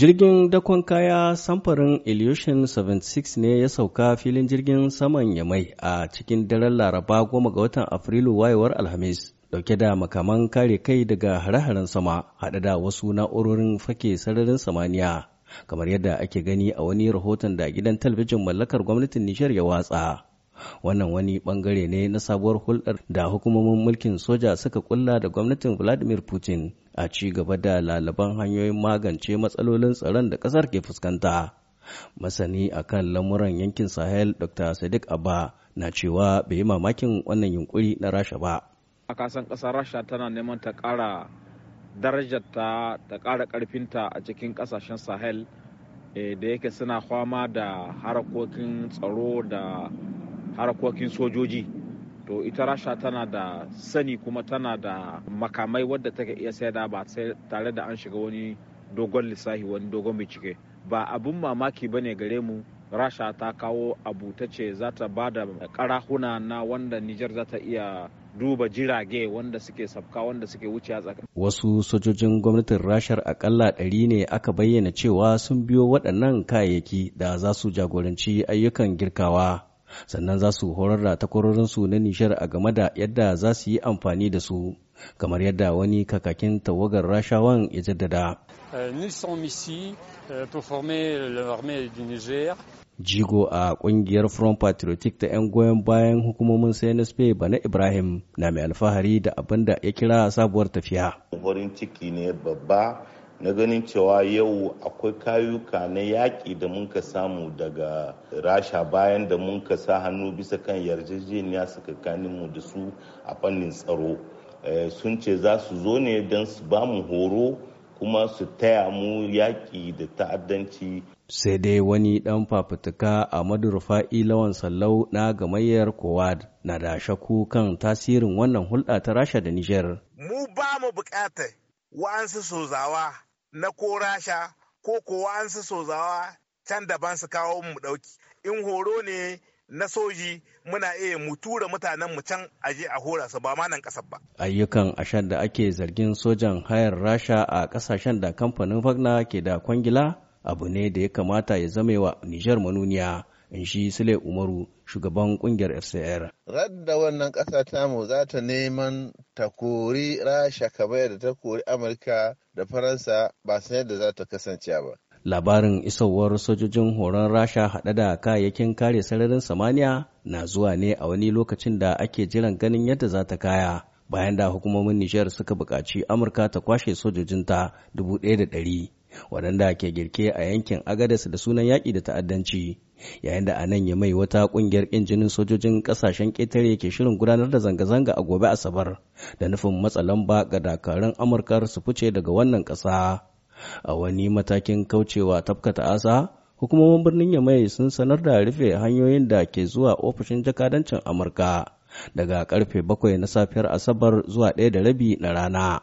Jirgin dakon kaya samfarin Illusion 76 ne ya sauka filin jirgin saman Yamai a cikin daren Laraba goma ga watan Afrilu wayewar Alhamis. Dauke da makaman kare kai daga hare-haren sama haɗe da wasu na'urorin fake sararin samaniya kamar yadda ake gani a wani rahoton da gidan talabijin mallakar gwamnatin Nijar ya watsa. wannan wani bangare ne na sabuwar hulɗar da hukumomin mulkin soja suka kulla da gwamnatin vladimir putin a ci gaba da lalaban hanyoyin magance matsalolin tsaron da ƙasar ke fuskanta. Masani a kan lamuran yankin Sahel Dr. Sadiq Abba na cewa bai yi mamakin wannan yunkuri na Rasha ba. A kasan ƙasar Rasha tana neman ta ƙara darajarta ta ƙara ƙarfinta a cikin ƙasashen Sahel eh, da yake suna kwama da harakokin tsaro da harakokin sojoji. to ita rasha tana da sani kuma tana da makamai wadda take iya saida ba sai tare da an shiga wani dogon lissafi wani dogon bincike ba abun mamaki ba ne gare mu rasha ta kawo abu ta ce za ta ba da karahuna na wanda nijar za ta iya duba jirage wanda suke sabka wanda suke wuce a wasu sojojin gwamnatin rashar akalla ɗari ne aka bayyana cewa sun biyo waɗannan kayayyaki da za su jagoranci ayyukan girkawa sannan za su horar da takwarorinsu na nishar a game da yadda za su yi amfani da su kamar yadda wani kakakin tawagar rashawan ya jaddada. Euh, euh, Jigo a kungiyar Front Patriotic ta 'yan goyon bayan hukumomin CNSP Bana Ibrahim na mai alfahari da abinda ya kira sabuwar tafiya. Farin ciki ne babba na ganin cewa yau akwai kayuka na yaƙi da mun ka samu daga rasha bayan da mun ka sa hannu bisa kan yarjejeniya kani mu da su a fannin tsaro eh, sun ce za su zo ne don su ba mu horo kuma su taya mu yaƙi da ta'addanci sai dai wani ɗan fafutuka a madurfa lawan sallau na gamayyar kowad na da shaku kan tasirin wannan hulɗa ta rasha da nijar mu ba mu buƙatar wa'ansu sozawa na ko rasha ko kowa an su sozawa can daban su kawo mu ɗauki in horo ne na soji muna iya mu tura mutanen mu can aje a hora su ba ma nan kasar ba. Ayyukan ashar da ake zargin sojan hayar Rasha a kasashen da kamfanin Fagna ke da kwangila abu ne da ya kamata ya wa Nijar manuniya in shi Sule Umaru shugaban kungiyar FCR. Radda wannan ƙasa tamu za ta neman ta kori Rasha kamar da ta kori Amurka da Faransa ba san yadda za ta kasance ba. Labarin isowar sojojin horon Rasha haɗe da kayayyakin kare sararin samaniya na zuwa ne a wani lokacin da ake jiran ganin yadda za ta kaya. Bayan da hukumomin Nijar suka buƙaci Amurka ta kwashe sojojinta dubu ɗaya da ɗari waɗanda ke girke a yankin agadas da sunan yaƙi da ta'addanci yayin da anan nan ya mai wata ƙungiyar ƙin sojojin ƙasashen ƙetare ke shirin gudanar da zanga-zanga a gobe asabar da nufin matsa lamba ga dakarun amurka su fice daga wannan ƙasa a wani matakin kaucewa tafkata asa hukumomin birnin yamai sun sanar da rufe hanyoyin da ke zuwa ofishin jakadancin amurka daga karfe bakwai na safiyar asabar zuwa ɗaya da rabi na rana